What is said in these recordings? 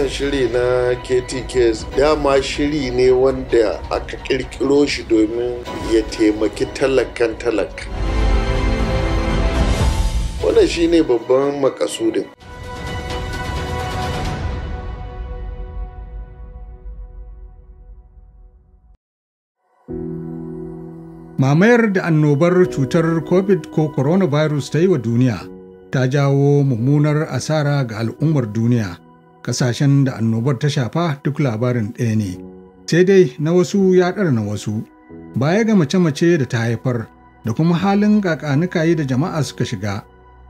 wannan shiri na ktks dama shiri ne wanda aka kirkiro shi domin ya taimaki talakan talak. wannan shi ne babban makasudin mamayar da annobar cutar covid ko coronavirus ta yi wa duniya ta jawo mummunar asara ga al'ummar duniya Ƙasashen da annobar ta shafa duk labarin ɗaya ne, sai dai na wasu ya ɗara na wasu, baya ga mace-mace da ta haifar da kuma halin yi da jama'a suka shiga.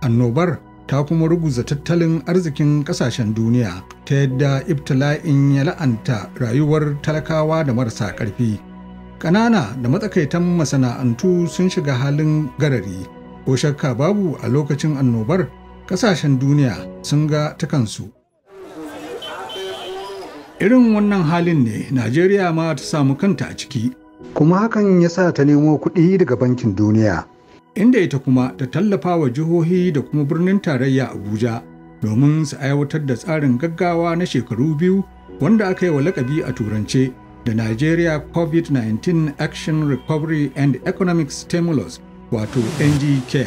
Annobar ta kuma ruguza tattalin arzikin ƙasashen duniya ta yadda ibtila'in ya la'anta rayuwar talakawa da marasa ƙarfi. Ƙanana da matsakaitan masana'antu sun shiga halin garari, ko shakka babu a lokacin annobar ƙasashen duniya sun ga ta kansu. irin wannan halin ne najeriya ma ta samu kanta a ciki kuma hakan ya sa ta nemo kuɗi daga bankin duniya inda ita kuma ta tallafa wa jihohi da kuma birnin tarayya abuja domin su aiwatar da tsarin gaggawa na shekaru biyu wanda aka yi wa lakabi a turance da nigeria covid-19 action recovery and economic stimulus wato ng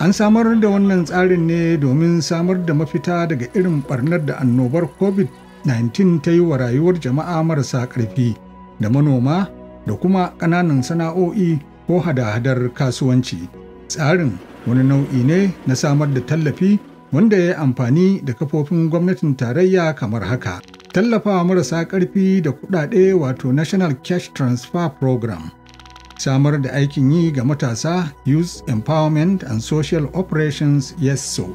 An samar da wannan tsarin ne domin samar da mafita daga irin barnar da annobar COVID-19 ta yi wa rayuwar jama'a marasa ƙarfi da manoma da kuma ƙananan sana'o'i ko hada-hadar kasuwanci. Tsarin wani nau'i ne na samar da tallafi wanda ya yi amfani da kafofin gwamnatin tarayya kamar haka. Tallafawa marasa ƙarfi da kuɗaɗe wato National Cash Transfer Program. samar da aikin yi ga matasa youth empowerment and social operations yeso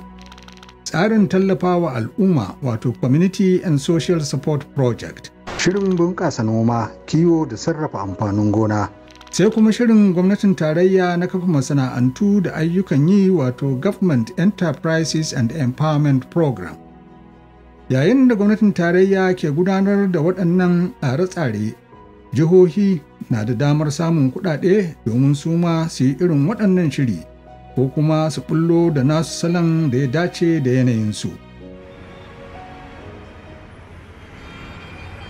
tsarin tallafawa al'umma wato community and social support project shirin bunƙasa noma kiwo da sarrafa amfanin gona sai kuma shirin gwamnatin tarayya na kafa masana'antu da ayyukan yi wato government enterprises and empowerment program yayin da gwamnatin tarayya ke gudanar da waɗannan tsare-tsare jihohi na da damar samun kuɗaɗe domin su ma su yi irin waɗannan shiri ko kuma su ɓullo da nasu salon da ya dace da yanayinsu.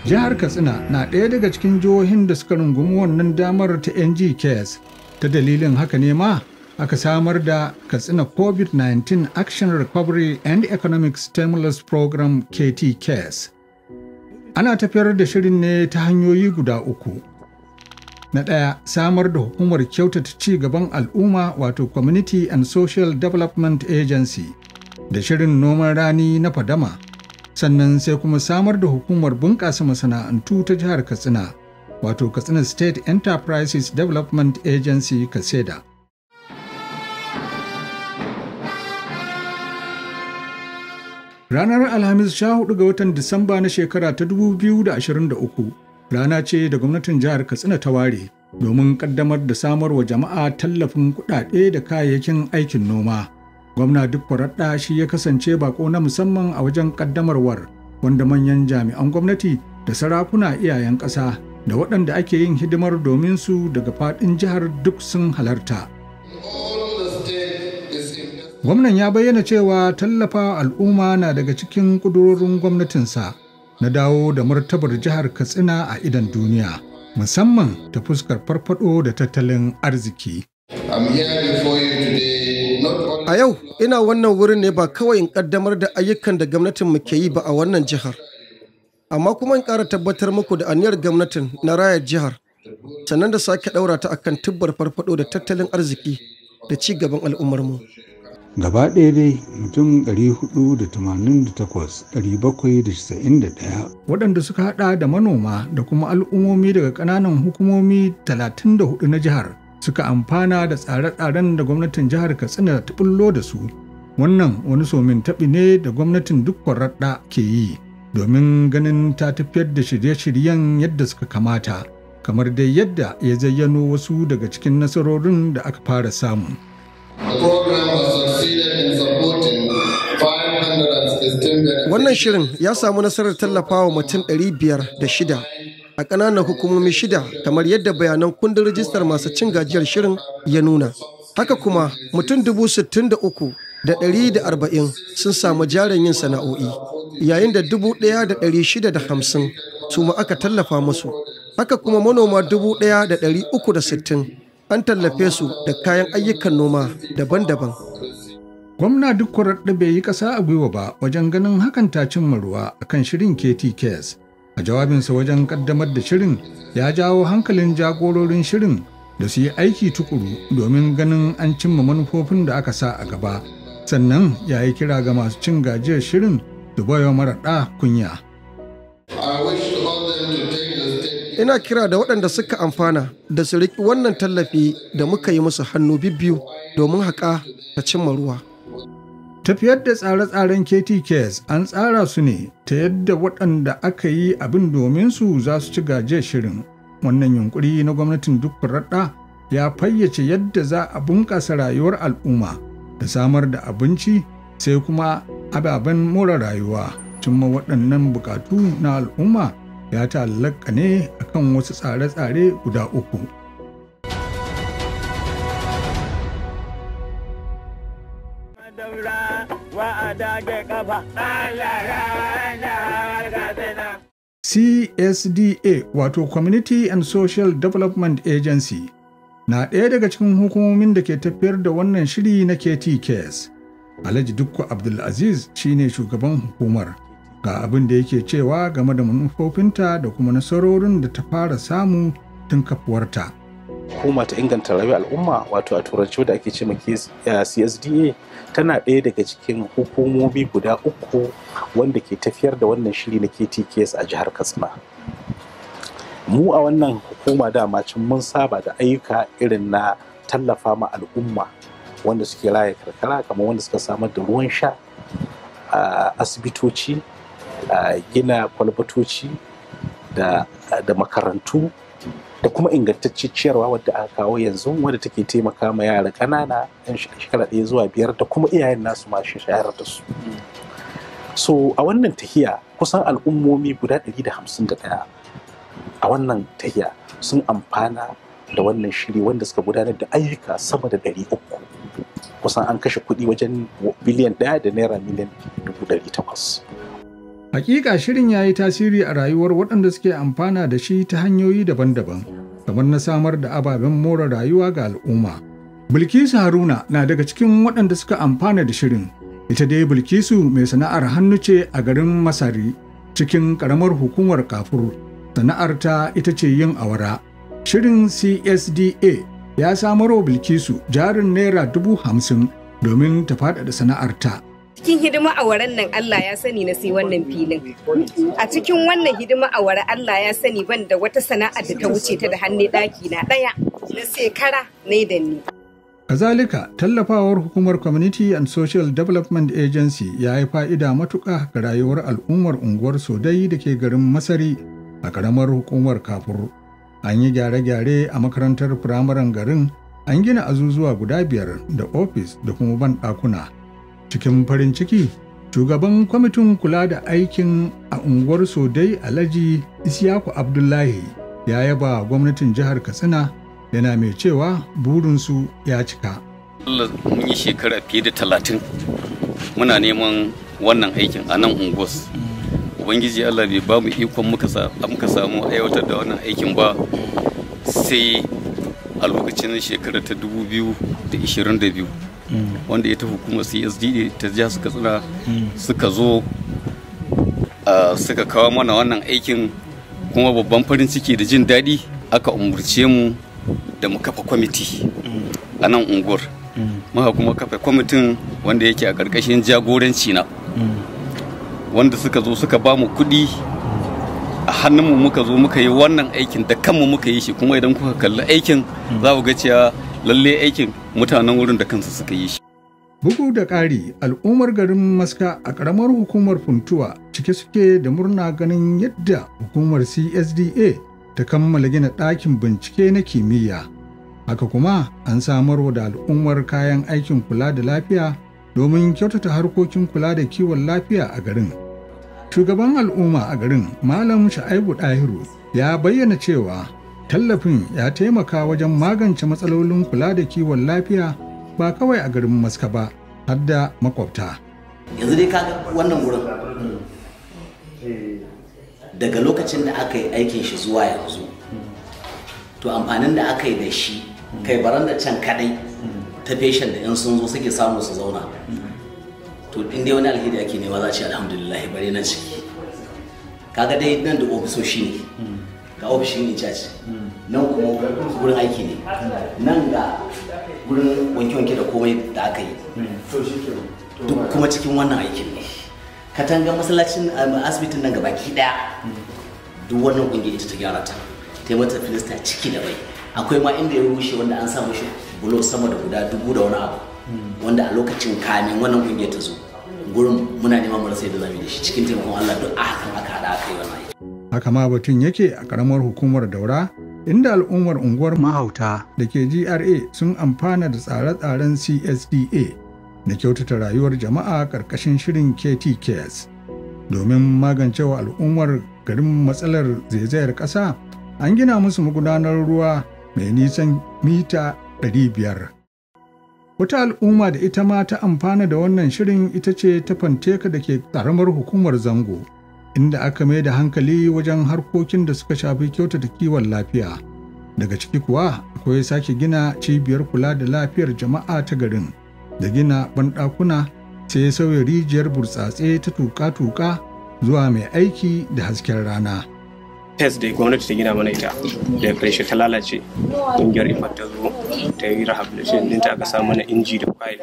Jihar Katsina na ɗaya daga cikin jihohin da suka rungumi wannan damar ta NG Cares ta dalilin haka ne ma aka samar da Katsina COVID-19 Action Recovery and Economic Stimulus Program KT Cares. Ana tafiyar da shirin ne ta hanyoyi guda uku. Na ɗaya samar da hukumar kyautata ci gaban al'umma wato Community and Social Development Agency da shirin noman rani na fadama. Sannan sai kuma samar da hukumar bunƙasa masana'antu ta jihar Katsina wato Katsina State Enterprises Development Agency Kaseda. Ranar Alhamis 14 ga watan Disamba na shekara ta 2023 rana ce da gwamnatin jihar katsina ta ware domin kaddamar da samar wa jama'a tallafin kudade da kayayyakin aikin noma gwamna duk kwararra shi ya kasance bako na musamman a wajen kaddamarwar wanda manyan jami'an gwamnati da sarakuna iyayen ƙasa da waɗanda ake yin hidimar domin su daga faɗin jihar duk sun halarta gwamnan ya bayyana cewa tallafa al'umma na daga cikin ƙudurorin gwamnatinsa. na dawo da martabar jihar Katsina a idan duniya, musamman ta fuskar farfado da tattalin arziki. A yau, ina wannan wurin ne ba kawai in kaddamar da ayyukan da gwamnatin mu ke yi ba a wannan jihar. Amma kuma in ƙara tabbatar muku da aniyar gwamnatin na rayar jihar, sannan da sake ɗaura ta akan tubbar farfado da tattalin arziki da ci gaban al'ummarmu. gaba ɗaya dai mutum 488,791 waɗanda suka haɗa da manoma da kuma al'ummomi daga ƙananan hukumomi 34 na jihar suka amfana da tsare-tsaren da gwamnatin jihar katsina ta bullo da su wannan wani somin taɓi ne da gwamnatin duk raɗa ke yi domin ganin ta tafiyar da shirye-shiryen yadda suka kamata kamar dai yadda ya zayyano wasu daga cikin nasarorin da aka fara samu. Wannan shirin ya samu nasarar tallafawa mutum ɗari biyar da shida, a ƙananan hukumomi shida kamar yadda bayanan kundin rijistar masu cin gajiyar shirin ya nuna. Haka kuma mutum dubu sittin da uku da ɗari da arba'in sun samu jarin yin sana'o'i yayin da dubu ɗaya da ɗari shida da hamsin su ma aka tallafa musu. Haka kuma manoma dubu ɗaya da ɗari uku da sittin an tallafe su da kayan ayyukan noma daban-daban. Gwamna duk kwararɗe bai yi ƙasa a gwiwa ba wajen ganin hakan ta cimma ruwa a kan shirin KT Kes. A jawabinsa wajen ƙaddamar da shirin ya jawo hankalin jagororin shirin da su yi aiki tukuru domin ganin an cimma manufofin da aka sa a gaba. Sannan ya yi kira ga masu cin gajiyar shirin da baiwa maraɗa kunya. Ina kira da waɗanda suka amfana da su riƙi wannan tallafi da muka yi musu hannu bibbiyu domin haƙa ta cimma ruwa. Tafiyar da tsare-tsaren KTKs an tsara su ne ta yadda waɗanda aka yi abin domin su za su ci gaje shirin. Wannan yunkuri na gwamnatin duk raɗa ya fayyace yadda za a bunƙasa rayuwar al'umma da samar da abinci sai kuma ababen more rayuwa. Cimma waɗannan buƙatu na al'umma ya ta'allaka ne akan wasu tsare-tsare guda uku. CSDA wato Community and Social Development Agency na ɗaya daga cikin hukumomin da ke tafiyar da wannan shiri na KTKS. Alhaji Dukku Abdulaziz ne shugaban hukumar ga abin da yake cewa game da manufofinta da kuma nasarorin da ta fara samu tun kafuwarta. hukuma ta inganta rayuwar al'umma wato a turanci da ake ce CSDA tana ɗaya daga cikin hukumomi guda uku wanda ke tafiyar da wannan shiri na KTKS a jihar Katsina. Mu a wannan hukuma dama cin mun saba da ayyuka irin na tallafa ma al'umma wanda suke raya karkara kamar wanda suka samar da ruwan sha asibitoci gina kwalbatoci da makarantu da kuma ingantacciyar ciyarwa wadda aka kawo yanzu wadda take taimaka ma yara ƙanana yan shekara ɗaya zuwa biyar da kuma iyayen nasu ma shayar da su so a wannan tahiya kusan al'ummomi guda ɗari da hamsin da ɗaya a wannan tahiya sun amfana da wannan shiri wanda suka gudanar da ayyuka sama da ɗari uku kusan an kashe kuɗi wajen biliyan ɗaya da naira miliyan dubu ɗari takwas Hakika shirin ya yi tasiri a rayuwar waɗanda suke amfana da shi ta hanyoyi daban-daban, kamar na samar da ababen more rayuwa ga al'umma. Bilkisu Haruna na daga cikin waɗanda suka amfana da shirin. Ita dai Bilkisu mai sana'ar hannu ce a garin Masari cikin ƙaramar hukumar kafur. ta ita ce yin awara. Shirin CSDA ya samar wa Bilkisu jarin Naira dubu hamsin domin ta faɗaɗa sana'ar ta. cikin hidima a waren nan Allah ya sani na sai wannan filin a cikin wannan hidima a ware Allah ya sani ban da wata sana'a da ta wuce ta da hannu daki na daya na shekara ne da ni kazalika tallafawar hukumar community and social development agency ya yi fa'ida matuƙa ga rayuwar al'ummar unguwar sodai da ke garin masari a karamar hukumar kafur an yi gyare-gyare a makarantar firamaren garin an gina azuzuwa guda biyar da ofis da kuma ban ɗakuna. Cikin farin ciki, shugaban kwamitin kula da aikin a unguwar Sodai Alhaji isyaku Abdullahi ya yaba gwamnatin jihar Katsina yana mai cewa burinsu ya cika. mun yi shekara fiye da talatin muna neman wannan aikin a nan unguwas ubangiji allah bai ba mu ikon muka samu aiwatar da wannan aikin ba sai a lokacin shekara ta 2022 wanda ya tafi kuma CSD ta jiya suka tsira suka zo suka kawo mana wannan aikin kuma babban farin ciki da jin daɗi aka umurce mu da mu kafa kwamiti a nan unguwar muka kuma kafa kwamitin wanda yake a ƙarƙashin jagoranci na wanda suka zo suka ba mu kuɗi a hannunmu muka zo muka yi wannan aikin da kanmu muka yi shi kuma idan kuka kalli aikin za ku ga cewa lalle aikin mutanen wurin da kansu suka yi shi. Bugu da ƙari al'ummar garin Maska a ƙaramar hukumar Funtuwa cike suke da murna ganin yadda hukumar CSDA ta kammala gina ɗakin bincike na kimiyya. Haka kuma an samar da al'ummar kayan aikin kula da lafiya domin kyautata harkokin kula da kiwon lafiya a garin. Shugaban al'umma a garin Malam Sha'ibu Ɗahiru ya bayyana cewa tallafin ya taimaka wajen magance matsalolin kula da kiwon lafiya ba kawai a garin maska ba har da makwabta yanzu dai kaga wannan wurin daga lokacin da aka yi aikin shi zuwa yanzu to amfanin da aka yi da shi kai baran da can kadai ta feshin da yan sun zo suke samu su zauna to in dai wani alheri ake nema za a ce alhamdulillah bare na ciki kaga dai nan da ofisoshi ne ga ofishin recharge nan kuma gurin aiki ne nan ga gurin wanke-wanke da komai da aka yi duk kuma cikin wannan aikin ne katangar masallacin um, asibitin nan gaba k'i daya duk wannan kungiyar ita ta gyara ta ta yi mata filista ciki da bai akwai ma inda ya rushe wanda an samu shi bulo sama da guda dubu da wani abu wanda a lokacin kamin wannan kungiyar ta zo gurin muna neman marasa yadda zamu da shi cikin taimakon Allah duk a hakan aka haɗa aka yi wannan aiki haka ma batun yake a karamar hukumar daura inda al'ummar unguwar mahauta da ke gra sun amfana da tsare-tsaren csda na kyautata rayuwar jama'a ƙarƙashin shirin ktks domin magancewa al'ummar garin matsalar zaizayar ƙasa an gina musu magudanar ruwa mai nisan mita 500 wata al'umma da ita ma ta amfana da wannan shirin ita ce ta fanteka da ke ƙaramar hukumar zango inda aka mai da hankali wajen harkokin da suka shafi kyautata kiwon lafiya. Daga ciki kuwa akwai sake gina cibiyar kula da lafiyar jama'a ta garin da gina banɗakuna sai sauya rijiyar burtsatse ta tuka-tuka zuwa mai aiki da hasken rana. test da gwamnati ta gina mana ita da karshe ta lalace ƙungiyar ifar ta zo ta yi rehabilitation din aka samu na inji da fayil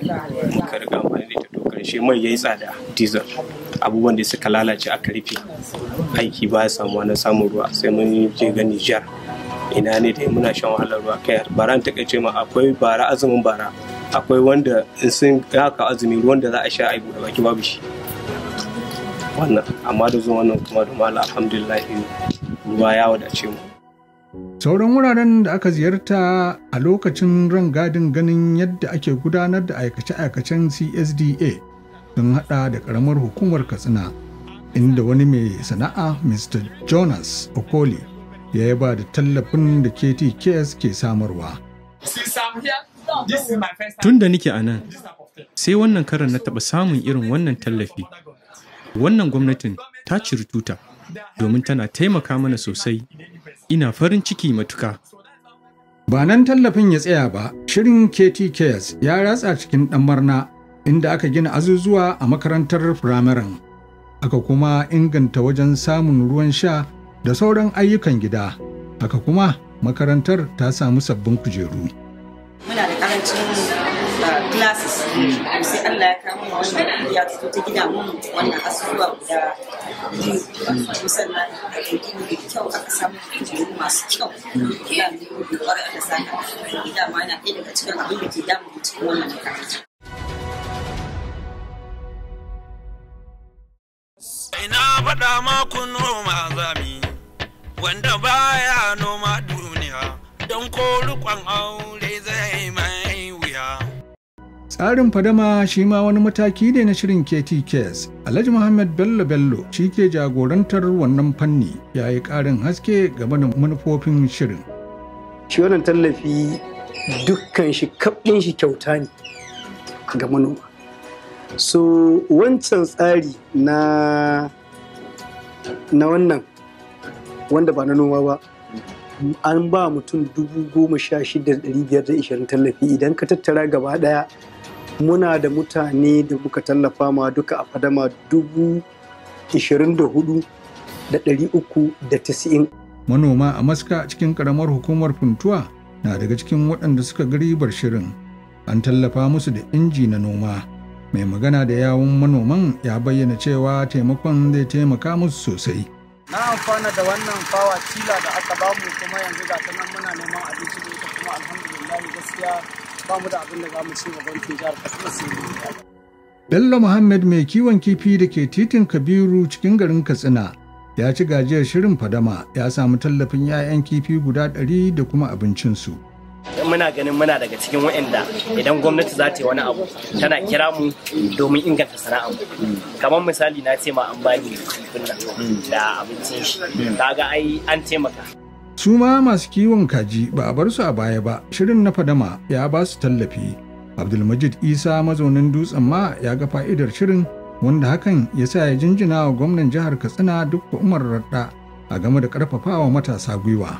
muka riga amfani da ita to karshe mai ya yi tsada diesel abubuwan da suka lalace aka rufe aiki ba ya samuwa na samun ruwa sai mun je ga Nijar ina ne da muna shan wahalar ruwa kai bara ta ce ma akwai bara azumin bara akwai wanda in sun haka azumi ruwan da za a sha a buɗe baki babu shi wannan amma da zuwa wannan kuma da mala alhamdulillah ruwa ya wadace mu sauran wuraren da aka ziyarta a lokacin rangadin ganin yadda ake gudanar da aikace-aikacen csda sun hada da karamar hukumar katsina inda wani mai sana'a mr jonas okoli ya yi ba da tallafin da ktks ke samarwa tun da nike a nan sai wannan karan na taɓa samun irin wannan tallafi wannan gwamnatin ta ciri tuta domin tana taimaka mana sosai ina farin ciki matuka ba nan tallafin ya tsaya ba shirin ktks ya ratsa cikin ɗan marna inda aka gina azuzuwa a makarantar firamaren. Aka kuma inganta wajen samun ruwan sha da sauran ayyukan gida. aka kuma makarantar ta samu sabbin kujeru. Muna da karancin uh, classes sai Allah ya kama mu wannan ya fito ta gina mu wannan asuwa guda musamman a cikin da kyau aka samu kujeru masu kyau da mu da kwarar da sana gida ma yana ɗaya daga cikin abin da ke damu cikin wannan karatu. ina faɗa ma ku noma zami wanda baya noma duniya don ko rikon aure zai mai wuya. Tsarin fadama shi ma wani mataki ne na shirin KTKS. Alhaji Muhammad Bello Bello shi ke jagorantar wannan fanni yayi yi ƙarin haske ga da manufofin shirin. Shi wannan tallafi dukkan shi kaɓin shi kyauta ne ga manoma. so wancan tsari na na wannan wanda ba na noma ba an ba mutum dubu goma ishirin tallafi idan ka tattara gaba daya muna da mutane da muka tallafa ma duka a fadama dubu tasi'in. manoma a maska cikin karamar hukumar funtuwa na daga cikin waɗanda suka ga shirin an tallafa musu da inji na noma mai magana da yawun manoman ya bayyana cewa taimakon zai taimaka musu sosai na amfana da wannan fawa tila da aka bamu kuma yanzu ga ta nan muna neman abinci da ita kuma alhamdulillah gaskiya ba mu da abin da za mu ci gaban jihar katsina sai bello muhammad mai kiwon kifi da ke titin kabiru cikin garin katsina ya ci gajiyar shirin fadama ya samu tallafin 'ya'yan kifi guda ɗari da kuma abincinsu. muna ganin muna daga cikin waɗanda idan gwamnati za ta yi wani abu tana kira mu domin inganta sana'a kamar misali na ce ma an bani da abincin shi kaga ai an taimaka su ma masu kiwon kaji ba a bar su a baya ba shirin na fadama ya ba su tallafi abdulmajid isa mazaunin dutsen ma ya ga fa'idar shirin wanda hakan ya sa ya jinjina wa gwamnan jihar katsina duk umar radda a game da karfafawa matasa gwiwa.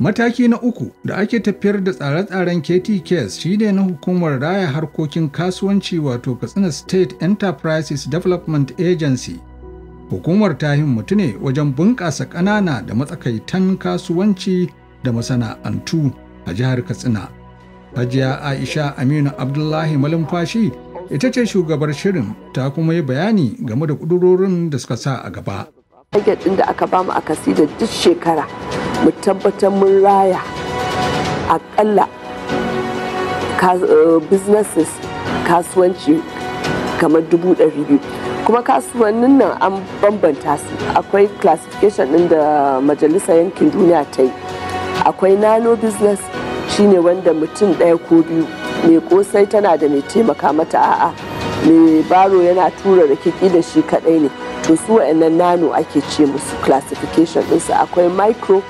Mataki na uku da ake tafiyar da tsare-tsaren KTKs shi ne na hukumar raya harkokin kasuwanci wato Katsina State Enterprises Development Agency. Hukumar ta mutu ne wajen bunƙasa ƙanana da matsakaitan kasuwanci da masana'antu a jihar Katsina. Hajiya Aisha Aminu Abdullahi Malumfashi ita ce shugabar shirin ta kuma yi bayani game da ƙudurorin da suka sa a gaba. Target ɗin da aka bamu a kasida duk shekara mu tabbatar mun raya akalla eh, businesses kasuwanci kamar dubu ɗari biyu kuma kasuwannin nan an bambanta su akwai classification ɗin da majalisa yankin duniya ta yi akwai nano business shine wanda mutum ɗaya ko biyu mai kosai tana da mai taimaka mata a'a mai baro yana tura rikiki da shi kaɗai ne to su wa'annan nano ake ce musu classification ɗinsu akwai micro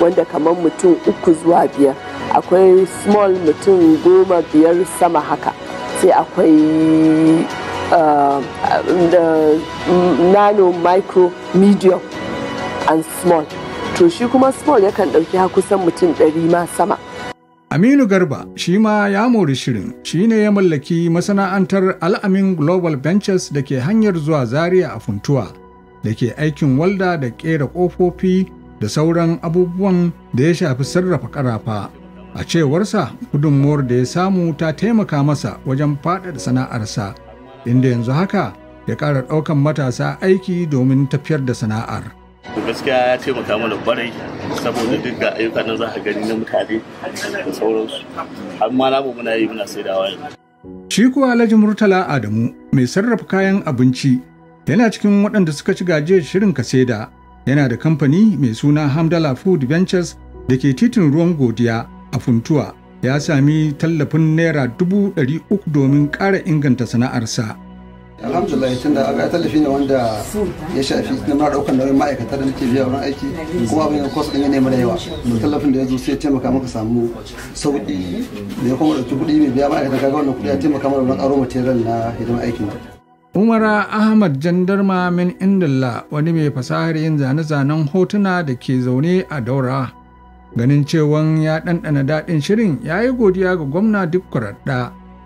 wanda kamar mutum uku zuwa biyar akwai small mutum goma biyar sama haka sai akwai uh, nano micro medium and small to shi kuma small yakan ɗauki kusan mutum ɗari ma sama Aminu Garba shi ma ya mori shirin shi ne ya mallaki masana'antar Al'amin Global Ventures da ke hanyar zuwa Zaria a Funtuwa da ke aikin walda da ƙera ƙofofi da sauran abubuwan da ya shafi sarrafa ƙarafa. A cewarsa gudunmuwar da ya samu ta taimaka masa wajen faɗaɗa sana'arsa inda yanzu haka ya ƙara ɗaukan matasa aiki domin tafiyar da sana'ar. gaskiya ya taimaka mana barai saboda duk da ayyuka nan za a gani na mutane da sauransu har ma namu muna yi muna saidawa yanzu shi kuwa alhaji murtala adamu mai sarrafa kayan abinci yana cikin waɗanda suka ci gajiyar shirin kaseda yana da kamfani mai suna hamdala food ventures da ke titin ruwan godiya a funtuwa ya sami tallafin naira dubu ɗari uku domin ƙara inganta sana'arsa alhamdulillah tunda aka tallafi ne wanda ya shafi na mara daukar nauyin ma'aikata da nake biya wurin aiki kuma abin kwas din ya nemi da yawa to tallafin da ya zo sai taimaka maka samu sauki da ya kuma ɗauki kuɗi mai biya ma'aikata kaga wannan kuɗi ya taimaka mana wurin aro material na hidimar aikin Umara Ahmad Jandarma min Indalla wani mai fasahar yin zane-zanen hotuna da ke zaune a daura. Ganin cewan ya ɗanɗana daɗin shirin ya yi godiya ga gwamna duk kuraɗa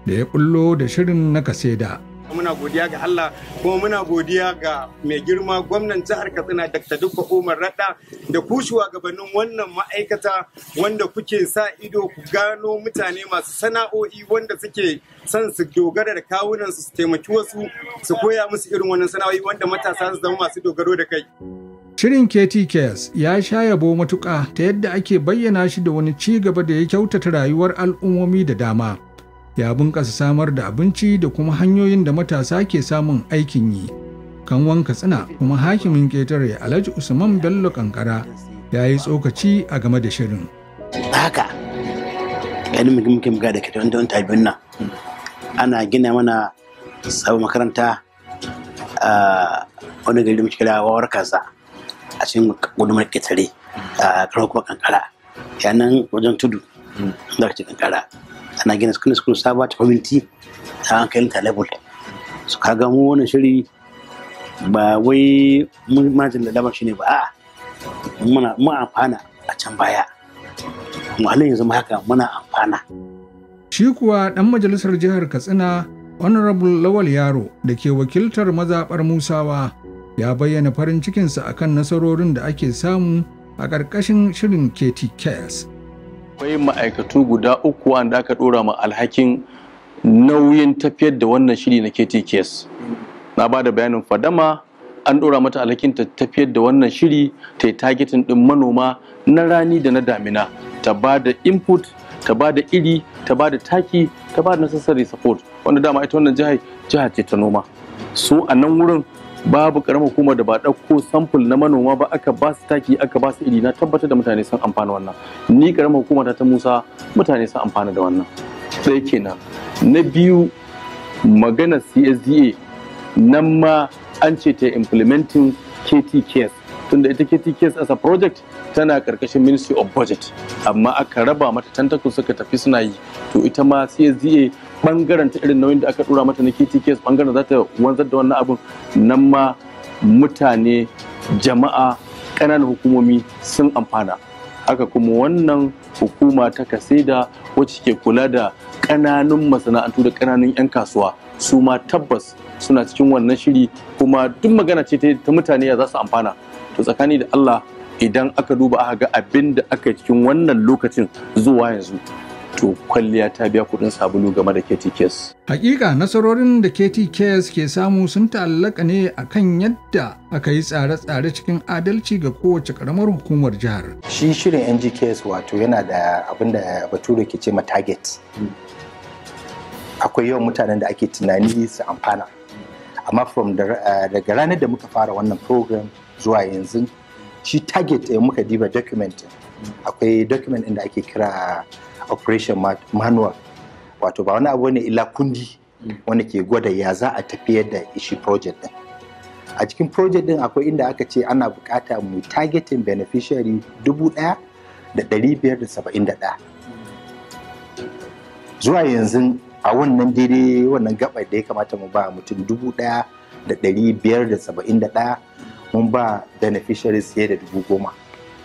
da ya ɓullo da shirin na kaseda. muna godiya ga Allah kuma muna godiya ga mai girma gwamnan jihar Katsina Dr. Dukka Umar Radda da ku shugabannin wannan ma'aikata wanda kuke sa ido ku gano mutane masu sana'o'i wanda suke son su dogara da kawunan su taimaki wasu su koya musu irin wannan sana'o'i wanda matasa su zama masu dogaro da kai. Shirin KTKS ya sha yabo matuƙa ta yadda ake bayyana shi da wani ci gaba da ya kyautata rayuwar al'ummomi da dama. ya bunƙasa samar da abinci da kuma hanyoyin da matasa ke samun aikin yi kan wanka tsina kuma hakimin ƙetare alhaji usman bello kankara ya yi tsokaci a game da shirin haka ganin muke muka da kitan don tabin nan ana gina mana sabon makaranta a wani gari da muke da wawar kasa a cikin gudumar ƙetare a kuma kankara yanan wajen tudu da kankara ana gina sukuna sukuna sabuwa ta kwaminti a hankalin ta level su kaga mu wani shiri ba wai mun da labar shine ba a muna amfana a can baya mu halin yanzu haka muna amfana shi kuwa dan majalisar jihar Katsina Honorable Lawal Yaro da ke wakiltar mazaɓar Musawa ya bayyana farin cikinsa akan nasarorin da ake samu a ƙarƙashin shirin Katie Kess. akwai ma'aikatu guda uku wanda aka dora ma alhakin nauyin tafiyar da wannan shiri na KTKS na ba da bayanin fadama an dora mata alhakin ta tafiyar da wannan shiri ta yi targetin din manoma na rani da na damina ta ba da input ta ba da iri ta ba da taki ta ba da necessary support wanda dama ita wannan jihar jihar ce ta noma su a nan wurin babu karamar hukumar da ba ɗauko sample na manoma ba aka ba su taki aka ba su iri na tabbatar da mutane sun amfana wannan ni karamar hukumar ta musa mutane sun amfana da wannan Sai kenan na biyu magana csda nan ma an ce ta implementing ktks tunda ita ktks as a project tana karkashin ministry of budget amma aka raba mata tantakun suka tafi suna yi to ita ma csda bangaren ta irin nauyin da aka dora mata na KTKS bangaren za ta wanzar da wannan abin nan ma mutane jama'a ƙananan hukumomi sun amfana haka kuma wannan hukuma ta kaseda wacce ke kula da ƙananan masana'antu da ƙananan 'yan kasuwa su ma tabbas suna cikin wannan shiri kuma duk magana ce ta mutane ya za su amfana to tsakani da allah idan aka duba aka ga abin da aka yi cikin wannan lokacin zuwa yanzu to kwalliya ta biya kuɗin sabulu game da KTKs. Case. Hakika nasarorin da KTKs ke samu sun ta'allaka ne a kan yadda aka yi tsare-tsare cikin adalci ga kowace karamar hukumar jihar. Shi shirin NGKS wato yana da abin da Bature ke ce ma target. Akwai yawan mutanen da ake tunani su amfana. Amma from eh, daga ranar da muka fara wannan program zuwa yanzu shi target muka diba document akwai document da ake kira operation manual wato ba wani abu ne illa kundi wanda ke gwada ya za a tafiyar da ishi project din a cikin project din akwai inda aka ce ana bukata mu targeting beneficiary dubu daya da dari biyar da saba'in da daya zuwa yanzu a wannan daidai wannan gabar da ya kamata mu ba mutum dubu daya da dari biyar da saba'in da daya mun ba beneficiaries fiye da dubu goma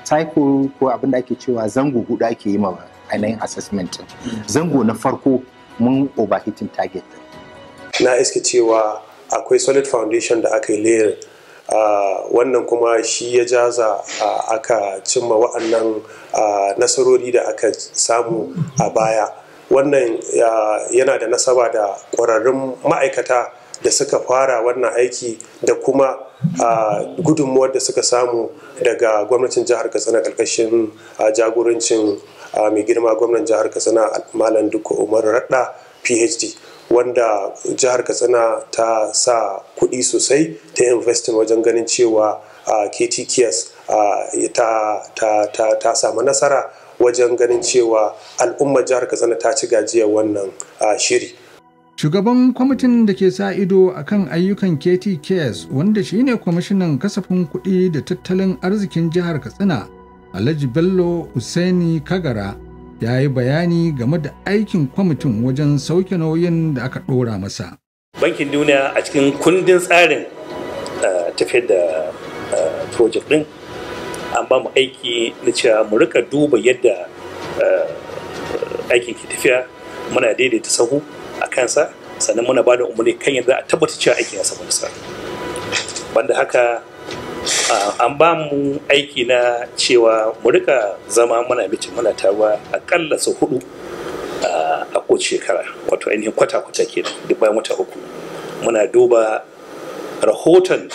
cycle ko abin da ake cewa zango hudu ake yi ma ainihin assessment zango na farko mun overheating target na iske cewa akwai solid foundation da aka yi layer wannan kuma shi ya jaza aka cimma wa'annan nasarori da aka samu a baya wannan yana da nasaba da ƙwararrun ma'aikata da suka fara wannan aiki da kuma gudunmuwar da suka samu daga gwamnatin jihar katsina ƙarƙashin jagorancin mai girma gwamnan jihar katsina malam duka umar radda phd wanda jihar katsina ta sa kuɗi sosai ta investin wajen ganin cewa kt kias ta samu nasara wajen ganin cewa al'umma jihar katsina ta ci gajiyar wannan shiri Shugaban kwamitin da ke sa ido a kan ayyukan KT Cares wanda shine kwamishinan kasafin kuɗi da tattalin arzikin jihar Katsina Alhaji Bello Usaini Kagara ya yi bayani game da aikin kwamitin wajen sauke nauyin da aka ɗora masa. Bankin Duniya a cikin kundin tsarin eh, tafiyar da eh, project ɗin an ba mu aiki na cewa mu rika duba yadda eh, aikin ke tafiya muna daidaita sahu a kansa sannan muna ba da umarni kan yadda a tabbata cewa aikin ya samu nasara. Banda haka an ba mu aiki na cewa mu rika zama muna mitin muna taruwa akalla sau hudu a kowace shekara wato ainihin kwata-kwata ke duk bayan wata uku muna duba rahoton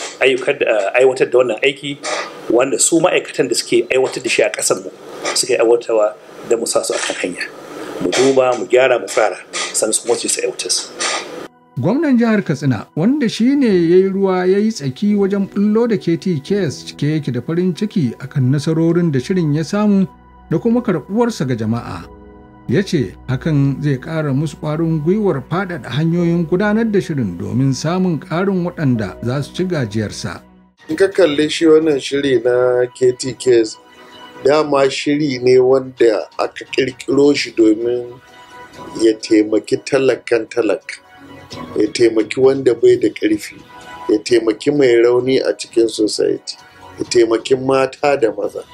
aiwatar da wannan aiki wanda su ma'aikatan da suke aiwatar da shi a ƙasar mu suke aiwatarwa da mu sa su a kan hanya mu duba mu gyara mu tsara sannan su kuma su aiwatar Gwamnan jihar Katsina wanda shi ne ya yi ruwa ya yi tsaki wajen bullo da KTKs Kes cike yake da farin ciki akan nasarorin da shirin ya samu da kuma karɓuwarsa ga jama'a. Ya ce hakan zai ƙara musu ƙwarin gwiwar faɗaɗa hanyoyin gudanar da shirin domin samun ƙarin waɗanda za su ci gajiyarsa. In ka kalli shi wannan shiri na KTKs, dama shiri ne wanda aka ƙirƙiro shi domin ya taimaki talakan talaka. ya taimaki wanda bai da ƙarfi ya taimaki mai rauni a cikin society ya taimaki mata da maza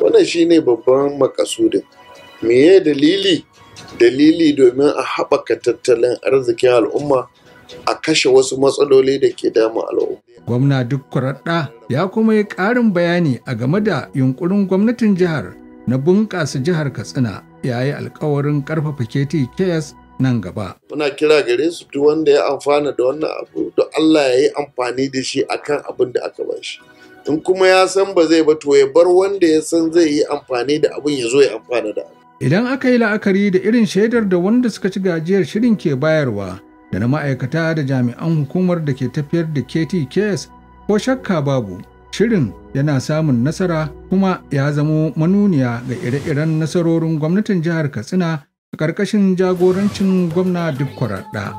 wannan shine babban makasudin meye dalili dalili domin a haɓaka tattalin arzikin al'umma a kashe wasu matsaloli da ke damun al'umma. Gwamna duk kuraɗa ya kuma yi ƙarin bayani a game da yunkurin gwamnatin jihar na bunƙasa jihar Katsina ya yi alkawarin ƙarfafa KTKS nan gaba. Muna kira gare su duk wanda ya amfana da wannan abu don Allah ya yi amfani da shi akan abin da aka ba shi. In kuma ya san ba zai ba to ya bar wanda ya san zai yi amfani da abin ya zo ya amfana da abu. Idan aka yi la'akari da irin shaidar da wanda suka ci gajiyar shirin ke bayarwa da na ma'aikata da jami'an hukumar da ke tafiyar da KTKS ko shakka babu shirin yana samun nasara kuma ya zamo manuniya ga ire-iren nasarorin gwamnatin jihar Katsina a ƙarƙashin jagorancin gwamna duk kwararda.